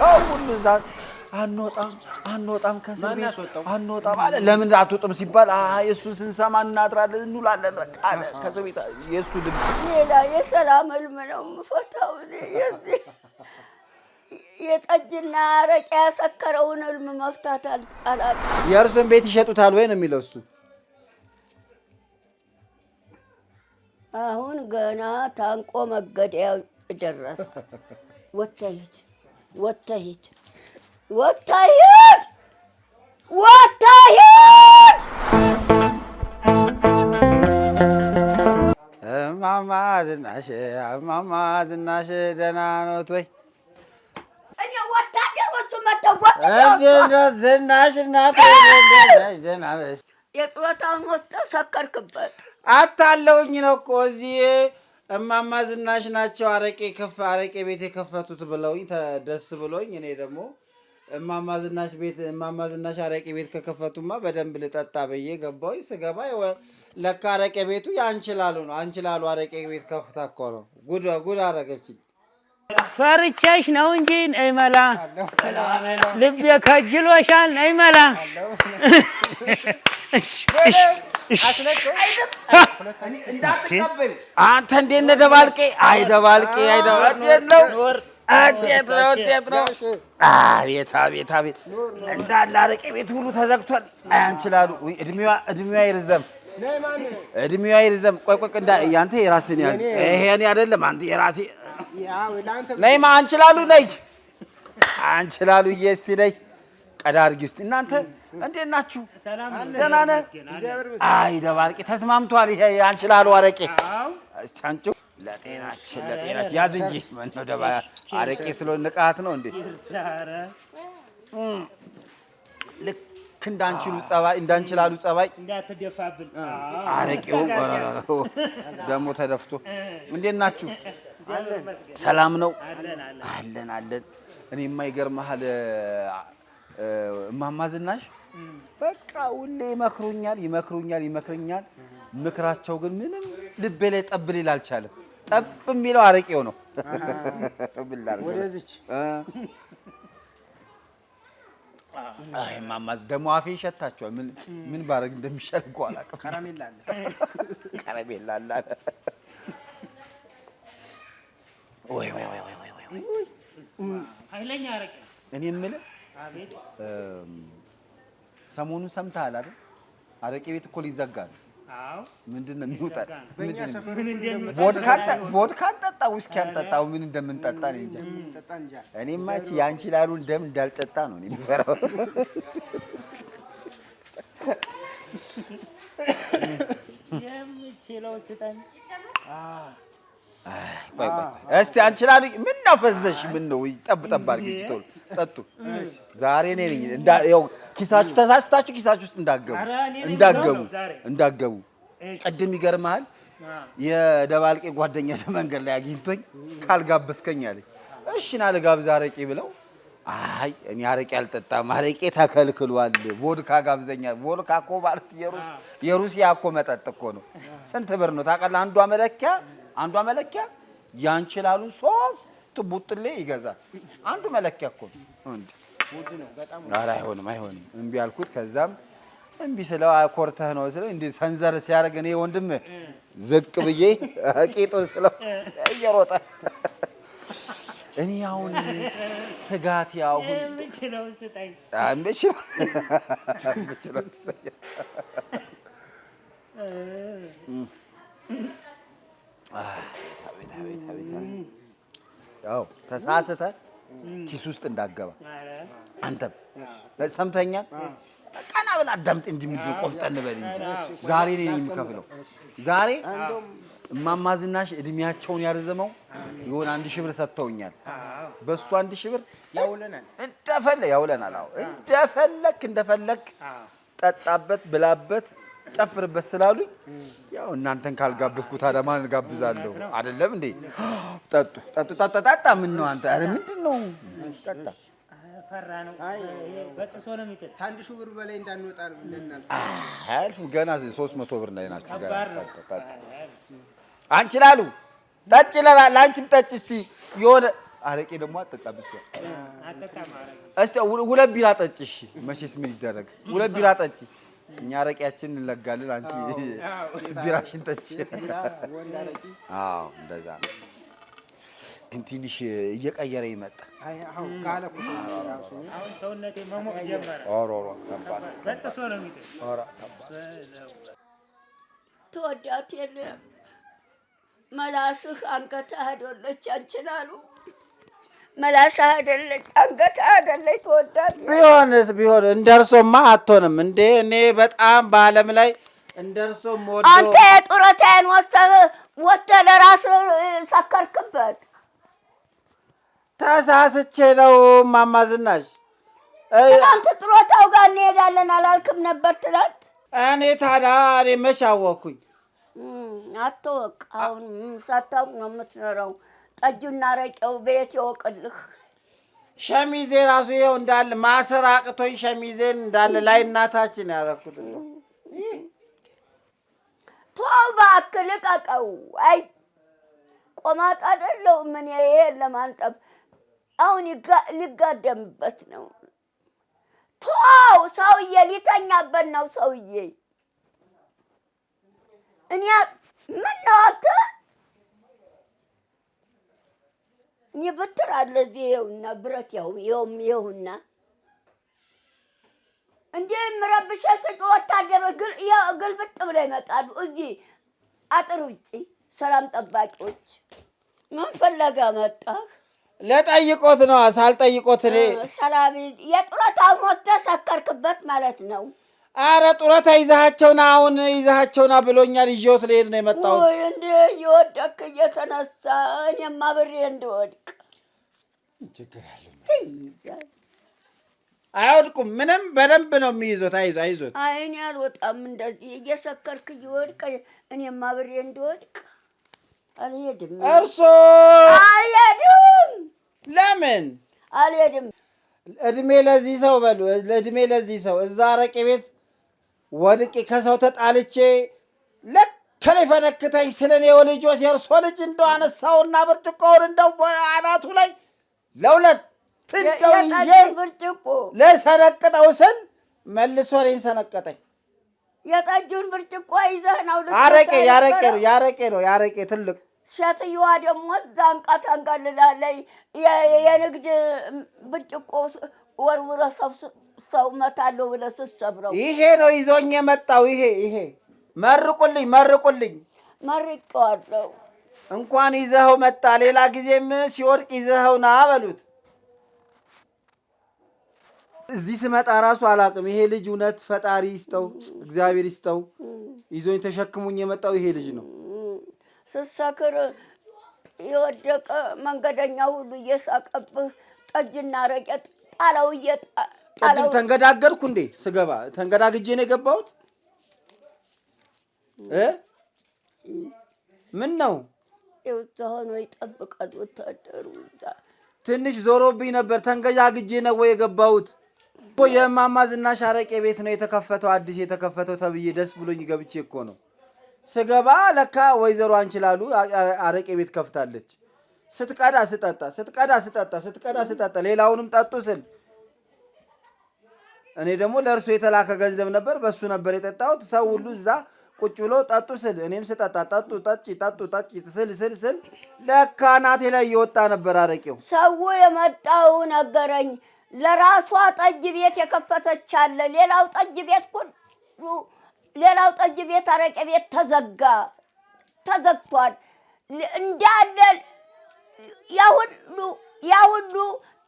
ሁሉ እዛ አንወጣም አንወጣም ከእስር ቤት አንወጣም አለ። ለምን አትወጡም ሲባል የእሱን ስንሰማ እናድራለን እንውላለን። በቃ ከእስር ቤት የእሱ ድምፅ ሌላ የሰላም ህልም ነው የምፈታው። የዚህ የጠጅና አረቄ ያሰከረውን ህልም መፍታት አላውቅም። የእርሱን ቤት ይሸጡታል ወይ ነው የሚለው እሱ አሁን ገና ታንቆ መገደያው ደረሰ ወጥተህ ሂድ፣ ወጥተህ እማማ ዝናሽ እማማ ዝናሽ ደህና ኖት ወይ? ወታደሮቹ መተው ዝናሽ የጡረታውን ወስደው ሰከርክበት። አታለውኝ ነው እኮ እዚህ እማማ ዝናሽ ናቸው አረቄ ከፍ አረቄ ቤት የከፈቱት ብለውኝ ደስ ብሎኝ እኔ ደግሞ እማማ ዝናሽ ቤት እማማ ዝናሽ አረቄ ቤት ከከፈቱማ በደንብ ልጠጣ ብዬ ገባሁኝ። ስገባ ለካ አረቄ ቤቱ ያንችላሉ ነው። አንችላሉ አረቄ ቤት ከፍታ እኮ ነው። ጉድ ጉድ አረገችኝ። ፈርቼሽ ነው እንጂ ነይ መላ ልቤ ከጅሎሻል። ነይ መላ አንተ እንዴት ነህ ደባልቄ? አይ ደባልቄ፣ አይ አቤት አቤት አቤት! እንዳለ አረቄ ቤት ሁሉ ተዘግቷል። እድሜዋ እድሜዋ ይርዘም፣ እድሜዋ ይርዘም። ቆይ ቆይ፣ የራስህን ያዝ። አይደለም አንተ የራሴ ነይማ። ነይ፣ አንችላሉ። እስቲ ነይ፣ ቀዳ አድርጊ እስቲ እናንተ እንዴት ናችሁ? ደህና ነህ? አይ ደባርቄ ተስማምቷል። ይሄ አንችላሉ አረቄ አንቺ ለጤናችን ለጤናችን ያዝ እንጂ ምነው ደባ አረቄ ስለሆነ ንቃት ነው እንዴ? ልክ እንዳንችሉ ጸባይ እንዳንችላሉ ጸባይ እንዳትደፋብን አረቄው ደግሞ ተደፍቶ። እንዴት ናችሁ? ሰላም ነው አለን አለን። እኔ የማይገርምሃል እማማ ዝናሽ በቃ ሁሌ ይመክሩኛል ይመክሩኛል ይመክሩኛል። ምክራቸው ግን ምንም ልቤ ላይ ጠብ ሊል አልቻለም። ጠብ የሚለው አረቄው ነው። አይ ማማዝ ደግሞ አፌ ይሸታቸዋል። ምን ምን ባረግ እንደሚሻል እኮ አላውቅም። ከረሜላ አለ አለ። ወይ ወይ ወይ ወይ ወይ ወይ ኃይለኛ አረቄ እኔ የምልህ ሰሞኑን ሰምተሃል አይደል? አረቄ ቤት እኮ ሊዘጋ ነው። ምንድን ነው የሚወጣ? ቮድካ አንጠጣ፣ ውስኪ አንጠጣ፣ ምን እንደምንጠጣ ነው እንጃ። እኔማ ይህቺ የአንቺ ላሉን ደም እንዳልጠጣ ነው እኔ የምፈራው። የምችለው ስጠኝ እስቲ አንቺ ላሉኝ ምን ነው ፈዘሽ? ምን ነው ጠብ ጠብ አድርጊ። ቶሎ ጠጡ። ዛሬ እኔ ነኝ። እንዳ ያው ኪሳችሁ ተሳስታችሁ ኪሳችሁ ውስጥ እንዳገቡ እንዳገቡ እንዳገቡ። ቅድም ይገርምሃል፣ የደባልቄ ጓደኛ መንገድ ላይ አግኝቶኝ ካልጋበዝከኝ አለኝ። እሺ ና ልጋብዝ አረቄ ብለው አይ እኔ አረቄ አልጠጣም፣ አረቄ ተከልክሏል። ቮድካ ጋብዘኛ። ቮድካ እኮ ማለት የሩሲያ እኮ መጠጥ እኮ ነው። ስንት ብር ነው ታውቃለህ? አንዷ መለኪያ አንዷ መለኪያ ያንቺ ያንችላሉን ሶስት ቡጥሌ ይገዛል። አንዱ መለኪያ እኮ ኧረ አይሆንም፣ አይሆንም እምቢ አልኩት። ከዛም እምቢ ስለው አኮርተህ ነው ስለው እንዲህ ሰንዘር ሲያደርግ እኔ ወንድም ዝቅ ብዬ ቂጡን ስለው እየሮጠ እኔ አሁን ስጋት ያሁን ምችለው ተሳስተ ኪስ ውስጥ እንዳገባ አንተም ሰምተኛል። ቀና ብለህ አዳምጥ። እንዲህ ምንድን ቆፍጠን በል እንጂ ዛሬ እኔ ነኝ ዛሬ እማማ ዝናሽ እድሜያቸውን ያርዘመው የሆነ አንድ ሺህ ብር ሰጥተውኛል። በእሱ አንድ ሺህ ብር ያውለናል፣ ያውለናል። አዎ እንደፈለክ እንደፈለክ ጠጣበት፣ ብላበት ጨፍርበት ስላሉኝ ያው እናንተን ካልጋብዝኩ ታዲያ ማን ጋብዛለሁ? አይደለም እንዴ? ጠጡ ጠጡ ጠጣጣ። ምን ነው አንተ? አረ ምንድን ነው ጠጣ? አያልፍም። ገና ሶስት መቶ ብር ላይ ናችሁ። አንቺ ላሉ ጠጭ ይለናል። አንቺም ጠጭ እስቲ የሆነ አረቄ ደግሞ አጠጣም። እሷ እስቲ ሁለት ቢራ ጠጭ። እሺ መቼስ ምን ይደረግ፣ ሁለት ቢራ ጠጭ እኛ አረቂያችን እንለጋለን፣ አንቺ ቢራሽን ጠጪ። አዎ እንደዛ ነው። ግን ትንሽ እየቀየረ ይመጣ። ተወዳቴን መላስህ አይደለች አዶለች አንችላሉ መላሳ አደለች፣ አንገት አደለች። ትወዳለች። ቢሆንስ ቢሆን እንደርሶማ እርሶማ አትሆንም እንዴ! እኔ በጣም በአለም ላይ እንደ ወዶ አንተ የጡረታዬን ወጥተህ ለራስ ሰከርክበት። ተሳስቼ ነው እማማ ዝናሽ። ትናንት ጡረታው ጋር እንሄዳለን አላልክም ነበር? ትናንት እኔ ታዲያ እኔ መቼ አወኩኝ? አትወቅ። አሁን ሳታውቅ ነው የምትኖረው። ጠጁና ረቄው ቤት ይወቅልህ። ሸሚዜ ራሱ ይኸው እንዳለ ማሰር አቅቶኝ ሸሚዜን እንዳለ ላይ እናታችን ያደረኩት ተው እባክህ ልቀቀው። አይ ቆማጣ አይደለሁም ምን ይሄ ለማንጠብ አሁን ሊጋደምበት ነው። ተው ሰውዬ ሊተኛበት ነው ሰውዬ እኔ ምን ነው የበትር አለ እዚህ ይኸውና፣ ብረት ይኸውም ይኸውና እንዴ ምረብሻ ስጭ ወታደሮች ግልብጥ ብለው ይመጣሉ። እዚህ አጥር ውጭ ሰላም ጠባቂዎች ምን ፈለጋ መጣህ? ለጠይቆት ነው ሳልጠይቆት እኔ ሰላም የጡረታ ሞት ተሰከርክበት ማለት ነው። አረ ጡረታ ይዛሃቸውና አሁን ይዛሃቸውና ብሎኛል። ይዤዎት ልሄድ ነው የመጣሁት። እንደ እየወደክ እየተነሳ እኔማ ብሬ እንደወድቅ አይወድቁም። ምንም በደንብ ነው የሚይዞት። አይዞ አይዞት። አይ እኔ አልወጣም እንደዚህ እየሰከርክ እየወድቅ እኔማ ብሬ እንደወድቅ አልሄድም። እርሶ አልሄድም። ለምን አልሄድም? እድሜ ለዚህ ሰው በሉ፣ እድሜ ለዚህ ሰው እዛ አረቄ ቤት ወድቄ ከሰው ተጣልቼ ለከሌ ፈነክተኝ እኔ ወልጆች የእርሶ ልጅ እንደው አነሳውና ብርጭቆውን እንደው አናቱ ላይ ለሁለት እንደው ይዤ ለሰነቅጠው ስል መልሶ እኔን ሰነቀጠኝ። የጠጁን ብርጭቆ ይዘህ ነው አረቄ ያረቄ ነው ያረቄ ነው ያረቄ ትልቅ ሴትዮዋ ደግሞ እዛ አንቃ ታንጋልላለች። የንግድ ብርጭቆ ወርውረ ሰብስብ ሰው እመታለሁ ብለህ ስትሰብረው ይሄ ነው ይዞኝ የመጣው። ይሄ ይሄ መርቁልኝ፣ መርቁልኝ፣ መርቄዋለሁ። እንኳን ይዘኸው መጣ። ሌላ ጊዜም ሲወድቅ ይዘኸው ና በሉት። እዚህ ስመጣ ራሱ አላቅም። ይሄ ልጅ እውነት ፈጣሪ ይስጠው፣ እግዚአብሔር ይስጠው። ይዞኝ ተሸክሙኝ የመጣው ይሄ ልጅ ነው። ስትሰክር የወደቀ መንገደኛ ሁሉ እየሳቀብህ ጠጅና ረቄ ጣለው እየጣ ቅድም ተንገዳገድኩ እንዴ? ስገባ ተንገዳግጄ ነው የገባሁት። ምን ነው ሆኖ ይጠብቃል ወታደሩ። ትንሽ ዞሮብኝ ነበር። ተንገዳግጄ ነው ወይ የገባሁት? የእማማ ዝናሽ አረቄ ቤት ነው የተከፈተው፣ አዲስ የተከፈተው ተብዬ ደስ ብሎኝ ገብቼ እኮ ነው። ስገባ ለካ ወይዘሮ አንችላሉ አረቄ ቤት ከፍታለች። ስትቀዳ ስጠጣ ስትቀዳ ስጠጣ ስትቀዳ ስጠጣ ሌላውንም ጠጡ ስል እኔ ደግሞ ለእርሱ የተላከ ገንዘብ ነበር፣ በሱ ነበር የጠጣሁት። ሰው ሁሉ እዛ ቁጭ ብሎ ጠጡ ስል እኔም ስጠጣ ጠጡ ጠጭ ጠጡ ጠጭ ስል ስል ስል ለካ ናቴ ላይ እየወጣ ነበር አረቄው። ሰው የመጣው ነገረኝ። ለራሷ ጠጅ ቤት የከፈተች አለ። ሌላው ጠጅ ቤት ሌላው ጠጅ ቤት አረቄ ቤት ተዘጋ ተዘግቷል እንዳለ ያሁሉ ያሁሉ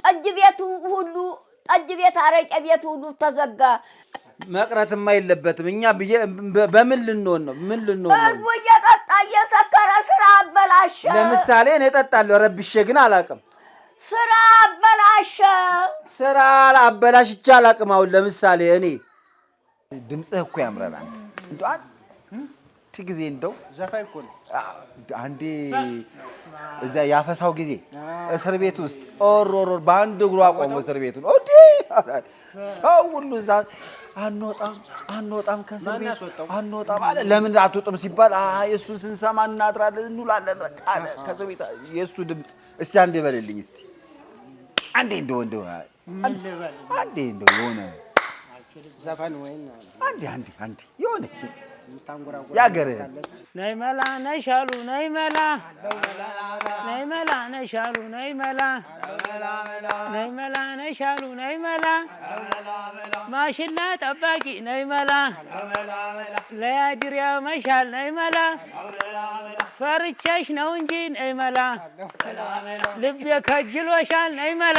ጠጅ ቤቱ ሁሉ ጠጅ ቤት፣ አረቄ ቤት ሁሉ ተዘጋ። መቅረትማ የለበትም። እኛ በምን ልንሆን ነው? ምን ልንሆን ነው? እየጠጣ እየሰከረ ስራ አበላሸ። ለምሳሌ እኔ እጠጣለሁ፣ ረብሼ ግን አላቅም። ስራ አበላሸ። ስራ አበላሽቼ አላቅም። አሁን ለምሳሌ እኔ ድምፅህ እኮ ያምረናል እንዲ ስንት ጊዜ እንደው ዘፋኝ እኮ ነው። አንዴ እዛ ያፈሳው ጊዜ እስር ቤት ውስጥ ኦሮሮር በአንድ እግሩ አቆሙ እስር ቤቱን ኦዲ ሰው ሁሉ እዛ አንወጣም አንወጣም ከእስር ቤት አንወጣም አለ። ለምን አትወጡም ሲባል አይ እሱን ስንሰማ እናድራለን እንውላለን በቃ አለ። ከእስር ቤት የእሱ ድምፅ እስቲ አንዴ በልልኝ እስቲ አንዴ እንደው እንደው አንዴ እንደው የሆነ አንዴ አንዴ አንዴ የሆነች ያገርህን ነይ መላ ነይ ሻሉ ነይ መላ ነይ መላ ነይ ሻሉ ነይ መላ ነይ መላ ነይ ሻሉ ነይ መላ ማሽላ ጠባቂ ነይ መላ ለያድር ያመሻል ነይ መላ ፈርቻሽ ነው እንጂ ነይ መላ ልቤ ከጅሎሻል ነይ መላ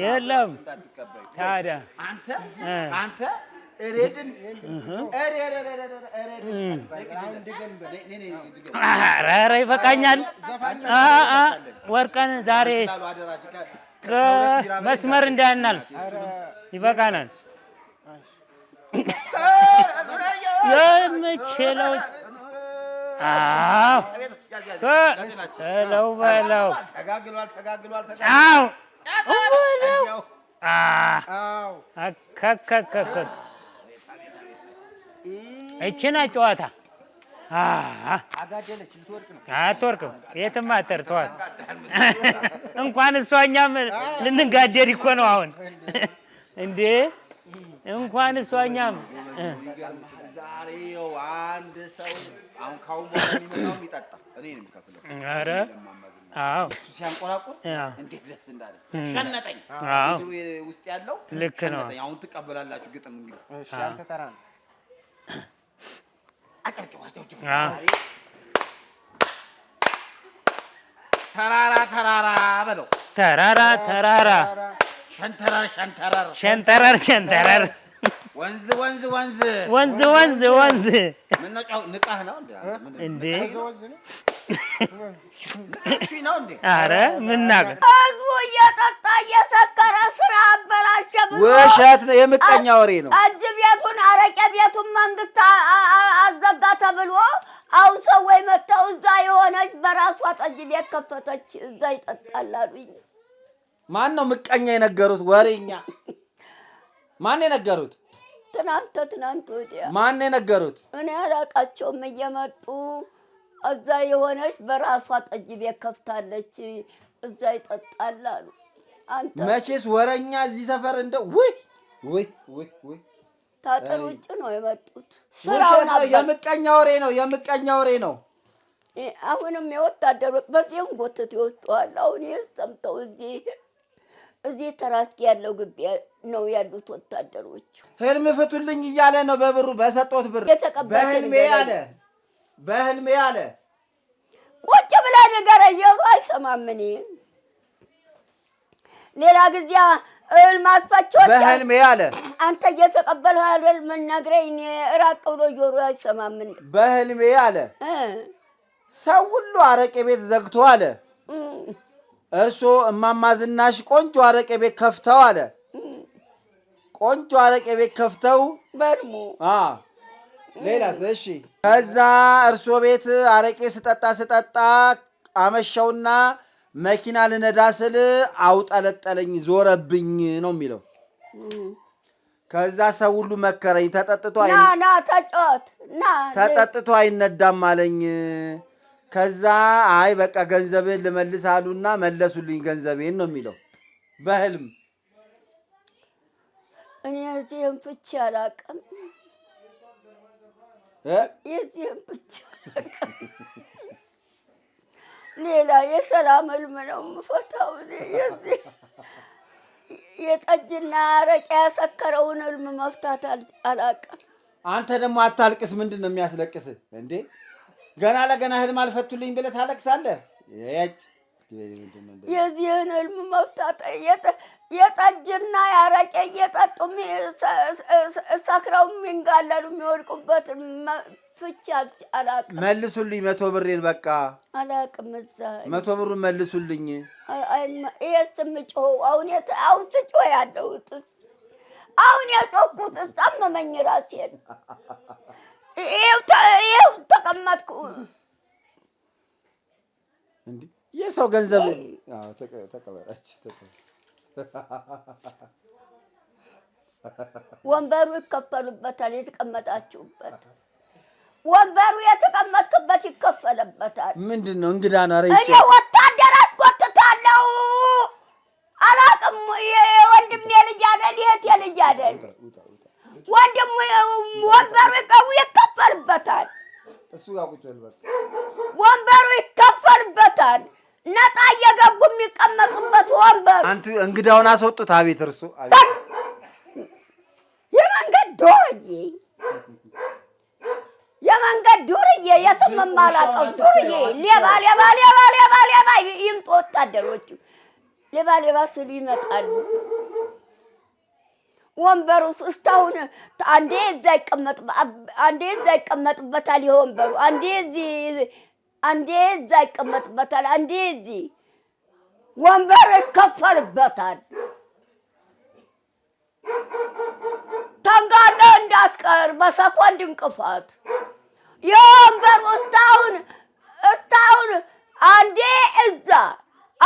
የለም ታዲያ አንተ ኧረ ይበቃኛል። ወርቀን ዛሬ መስመር እንዳያናልፍ ይበቃናል። የምችለው እችና ጨዋታ አትወርቅም፣ የትም አትርተዋል። እንኳን እሷ እኛም ልንጋደድ እኮ ነው አሁን እንዴ እንኳን እሷ እኛም ዛሬ አንድ ሰው አሁን ካሁን በኋላ የሚመጣው እኔ ነው የሚከፍለው። እሱ ሲያንቆራቁር እንዴት ደስ እንዳለ ሸነጠኝ። ውስጥ ያለው ልክ ነው። አሁን ትቀበላላችሁ ግጥም እንግዲህ ተራራ ተራራ በለው ተራራ ተራራ ሸንተረር ሸንተረር ሸንተረር ሸንተረር ወንዝ ወንዝ ወንዝ ወንዝ ወንዝ ወንዝ ምነጫው ንቃህ ነው እንዴ? አረ ምናገ ህዝቡ እየጠጣ እየሰከረ ስራ አበላሸ። ውሸት ነው፣ የምቀኛ ወሬ ነው። ጠጅ ቤቱን አረቄ ቤቱን መንግስት አዘጋ ተብሎ አሁን ሰው ወይ መጥተው እዛ የሆነች በራሷ ጠጅ ቤት ከፈተች፣ እዛ ይጠጣል ማን ነው ምቀኛ የነገሩት? ወሬኛ ማን የነገሩት? ትናንተ ትናንት ወዲያ ማን የነገሩት? እኔ አላቃቸውም። እየመጡ እዛ የሆነች በራሷ ጠጅ ቤት ከፍታለች፣ እዛ ይጠጣል አሉ። መቼስ ወረኛ እዚህ ሰፈር እንደ ውይ ውይ ውይ ውይ ታጠር ውጭ ነው የመጡት። ስራውን የምቀኛ ወሬ ነው፣ የምቀኛ ወሬ ነው። አሁንም የወታደሮች በዚህም ጎትት ይወስጠዋል። አሁን ይህ ሰምተው እዚህ እዚህ ተራስኪ ያለው ግቢ ነው ያሉት ወታደሮች። ህልም ፍቱልኝ እያለ ነው በብሩ በሰጦት ብር በህልሜ አለ በህልሜ አለ። ቁጭ ብላ ነገር እያሉ አይሰማም። እኔ ሌላ ጊዜ እልም አጥፋቸው በህልሜ አለ። አንተ እየተቀበል ህልም ነግረኝ ራቅ ብሎ ጆሮ አይሰማም። በህልሜ አለ። ሰው ሁሉ አረቄ ቤት ዘግቶ አለ እርሶ እማማ ዝናሽ ቆንጆ አረቄ ቤት ከፍተው አለ። ቆንጆ አረቄ ቤት ከፍተው በድሞ ሌላ እሺ። ከዛ እርሶ ቤት አረቄ ስጠጣ ስጠጣ አመሻውና መኪና ልነዳ ስል አውጠለጠለኝ፣ ዞረብኝ ነው የሚለው። ከዛ ሰው ሁሉ መከረኝ፣ ተጠጥቶ ተጠጥቶ አይነዳም አለኝ ከዛ አይ በቃ ገንዘብን ልመልስ አሉና መለሱልኝ ገንዘቤን ነው የሚለው በህልም። እኔ እዚህም ፍቺ አላውቅም የዚህም ፍቺ ሌላ የሰላም ህልም ነው የምፈታው። የጠጅና አረቄ ያሰከረውን ህልም መፍታት አላውቅም። አንተ ደግሞ አታልቅስ። ምንድን ነው የሚያስለቅስ እንዴ? ገና ለገና ህልም አልፈቱልኝ ብለህ ታለቅሳለህ። የጭ የዚህን ህልም መፍታት የጠጅና ያረቄ እየጠጡ ሰክረው የሚንጋለሉ የሚወድቁበት ፍቻ አላቅም። መልሱልኝ መቶ ብሬን በቃ አላቅም። እዛ መቶ ብሩን መልሱልኝ። ይህስ ምጮ አሁን አሁን ስጮ ያለሁት አሁን የጮኩት እስጠመመኝ ራሴን ይኸው ተቀመጥኩ። እንደ የሰው ገንዘብ ተቀበለች። ወንበሩ ይከፈሉበታል። የተቀመጣችሁበት ወንበሩ የተቀመጥክበት ይከፈልበታል። ምንድን ነው እንግዳ ነው። እኔ ወታደር አስቆጥታለሁ። አላቅም። ወንድሜ ልጅ አይደል? የእህቴ ልጅ አይደል? ወንድሙ ወንበሩ ይቀቡ ይከፈልበታል። እሱ ጋር ቁጭ በል ወንበሩ ይከፈልበታል። ነጣ እየገቡ የሚቀመጡበት ወንበር አንተ እንግዳውን አስወጡት። አቤት እርሱ የመንገድ ዶርዬ የመንገድ ዱርዬ የስም የማላውቀው ዱርዬ ሌባ ሌባ ሌባ ሌባ ሌባ ይምጡ ወታደሮቹ ሌባ ሌባ ስሉ ይመጣሉ። ወንበሩ እስካሁን አንዴ እዛ ይቀመጥ አንዴ እዛ ይቀመጥበታል። የወንበሩ አንዴ እዚህ አንዴ እዛ ይቀመጥበታል። አንዴ እዚህ ወንበሩ ይከፈልበታል። ተንጋለ እንዳትቀር በሰኮንድ እንቅፋት የወንበሩ እስካሁን እስካሁን አንዴ እዛ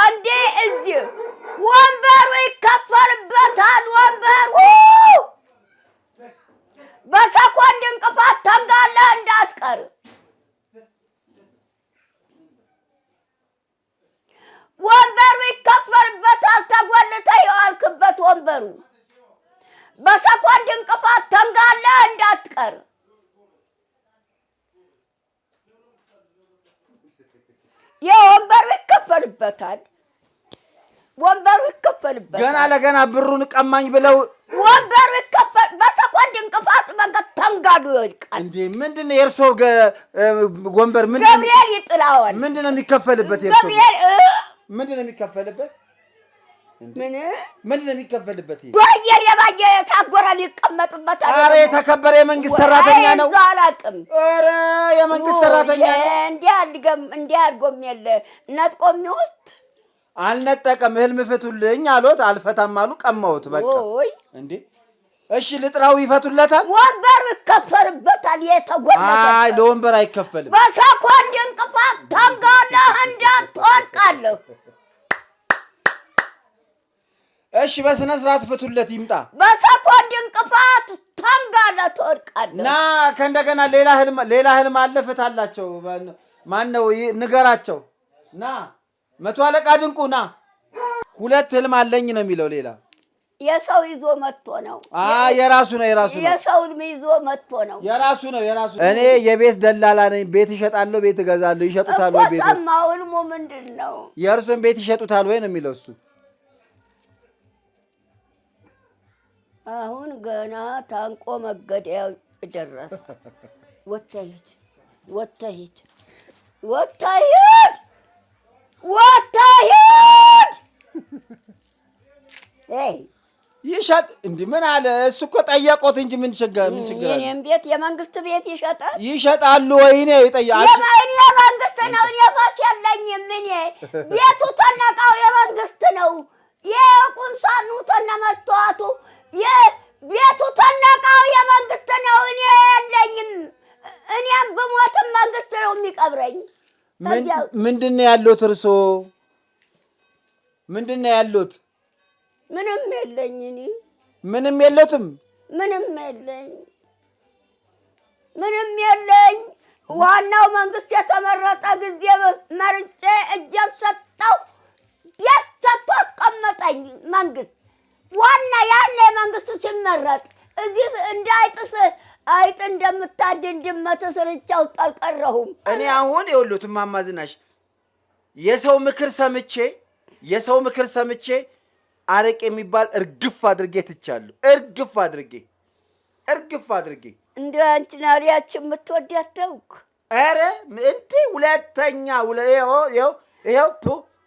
አንዴ እዚህ ወንበሩ ይከፈታል፣ ወንበሩ ይከፈልበታል። ገና ለገና ብሩን ቀማኝ ብለው ወንበሩ ይከፈል። በሰኮንድ እንቅፋት መንገድ ተንጋዱ ይወድቃል። እንዴ ምንድን ነው የእርሶ ወንበር? ምን ገብርኤል ይጥላዋል። ምንድን ነው የሚከፈልበት? ገብርኤል ምንድን ነው የሚከፈልበት? ምን ምን የሚከፈልበት ዶየር የባየ የታጎራል ይቀመጥበታል። ኧረ የተከበረ የመንግስት ሰራተኛ ነው። አላቅም ኧረ የመንግስት ሰራተኛ ነው። እንዲህ አድርጎም የለ ነጥቆም ውስጥ አልነጠቀም። ህልም ፍቱልኝ አሎት፣ አልፈታም አሉ፣ ቀማሁት። በቃ እንዴ እሺ ልጥራው፣ ይፈቱለታል። ወንበር ይከፈልበታል። የተጎዳ አይ ለወንበር አይከፈልም። በሰኮንድ እንቅፋት ታምጋለህ፣ እንዳትወድቃለህ እሺ በስነ ስርዓት ፍቱለት ይምጣ። በሰኮንድ እንቅፋት ተንጋላ ትወድቃለህ። ና ከእንደገና ሌላ ህልም ሌላ ህልም አለ። ፍታላቸው። ማን ነው ንገራቸው። ና መቶ አለቃ ድንቁ ና። ሁለት ህልም አለኝ ነው የሚለው። ሌላ የሰው ይዞ መጥቶ ነው። የራሱ ነው የራሱ ነው። የሰው ይዞ መጥቶ ነው። የራሱ ነው የራሱ እኔ የቤት ደላላ ነኝ። ቤት ይሸጣለሁ፣ ቤት እገዛለሁ። ይሸጡታል ወይ ቤት? ሰማሁ። ህልሙ ምንድን ነው? የእርሱን ቤት ይሸጡታል ወይ ነው የሚለው እሱ አሁን ገና ታንቆ መገደያው ደረሰ። ወታሂድ ወታሂድ ወታሂድ ወታሂድ ይሸጥ እንዲህ ምን አለ እሱ እኮ ጠየቆት እንጂ ምን ችግር ምን ችግር አለ? ቤት የመንግስት ቤት ይሸጣል ይሸጣሉ ወይ ነው ይጠያል። የማይን የመንግስት ነው የፋስ የለኝም እኔ ቤቱ ተነቃው የመንግስት ነው የቁም ሳጥኑ ተነመቷቱ ቤቱ ተነቃው። የመንግስት ነው። እኔ የለኝም። እኔም ብሞትም መንግስት ነው የሚቀብረኝ። ምንድን ነው ያሉት? እርሶ ምንድን ነው ያሉት? ምንም የለኝ። እኔ ምንም የለትም። ምንም የለኝ። ምንም የለኝ። ዋናው መንግስት የተመረጠ ጊዜ መርጬ እጄን ሰጠሁ። የት ሰጥቶ አስቀመጠኝ መንግስት መንግስት ሲመረጥ እዚህ እንደ አይጥስ አይጥ እንደምታድን ድመት ስርቻው አልቀረሁም። እኔ አሁን የወሉት ማማዝናሽ የሰው ምክር ሰምቼ የሰው ምክር ሰምቼ አረቅ የሚባል እርግፍ አድርጌ ትቻለሁ። እርግፍ አድርጌ እርግፍ አድርጌ እንደ አንቺን አሪያችን የምትወዳት ደውቅ ኧረ እንዲህ ሁለተኛ ይኸው ይኸው ቱ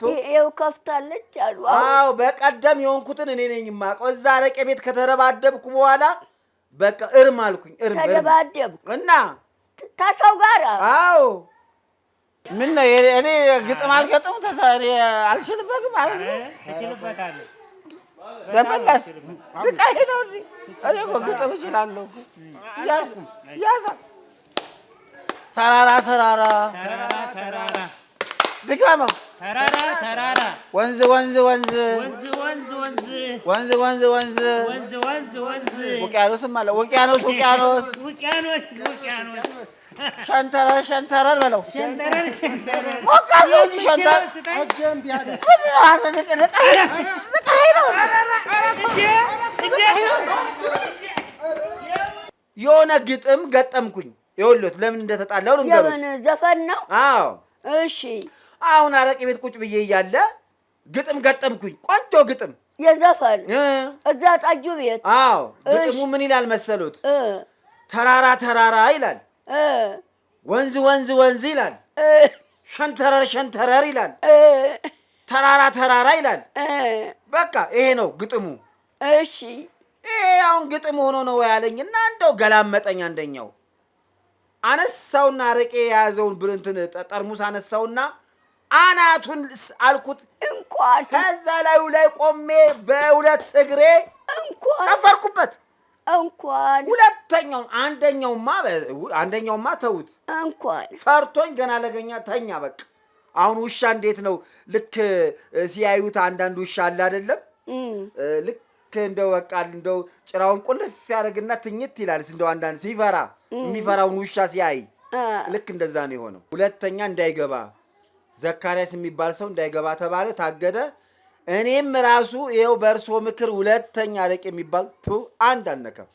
ይኸው ከፍታለች አሉ። አዎ በቀደም የሆንኩትን እኔ ነኝ የማውቀው። እዛ አረቄ ቤት ከተረባደብኩ በኋላ በቃ እርም አልኩኝ። እርም ተደባደብኩ እና ተሰው ጋር አዎ። ምን ነው እኔ ግጥም አልገጥም አልችልበትም ማለት ነው። ደመላሽ ልቃይ ነው እኔ እኮ ግጥም እችላለሁ። ተራራ ተራራ ተራራ ተራራ ድገመው። ተራራ ተራራ ወንዝ ወንዝ ወንዝ ወንዝ ወንዝ ወንዝ ውቅያኖስም አለ። ውቅያኖስ ውቅያኖስ ውቅያኖስ ሸንተረር ሸንተረር በለው። ሸንተረር እንጂ የሆነ ግጥም ገጠምኩኝ። ይኸውልዎት ለምን እንደተጣላሁ ንገሩት። ዘፈን ነው። አዎ እሺ አሁን አረቄ ቤት ቁጭ ብዬ እያለ ግጥም ገጠምኩኝ። ቆንጆ ግጥም የዘፈን እዛ ጠጁ ቤት። አዎ ግጥሙ ምን ይላል መሰሉት? ተራራ ተራራ ይላል፣ ወንዝ ወንዝ ወንዝ ይላል፣ ሸንተረር ሸንተረር ይላል፣ ተራራ ተራራ ይላል። በቃ ይሄ ነው ግጥሙ። እሺ ይሄ አሁን ግጥም ሆኖ ነው ያለኝ እና እንደው ገላመጠኝ አንደኛው አነሳውና አረቄ የያዘውን ብልንትን ጠርሙስ አነሳውና አናቱን አልኩት። ከዛ ላዩ ላይ ቆሜ በሁለት እግሬ ጨፈርኩበት። እንኳን ሁለተኛው አንደኛውማ አንደኛውማ ተውት። እንኳን ፈርቶኝ ገና ለገኛ ተኛ። በቃ አሁን ውሻ እንዴት ነው ልክ ሲያዩት አንዳንድ ውሻ አለ አይደለም ልክ እንደው በቃ እንደው ጭራውን ቁልፍ ያደርግና ትኝት ይላል። እንደው አንዳንድ ሲፈራ የሚፈራውን ውሻ ሲያይ ልክ እንደዛ ነው የሆነው። ሁለተኛ እንዳይገባ ዘካርያስ የሚባል ሰው እንዳይገባ ተባለ፣ ታገደ። እኔም ራሱ ይኸው በእርሶ ምክር ሁለተኛ አለቅ የሚባል አንድ አልነካም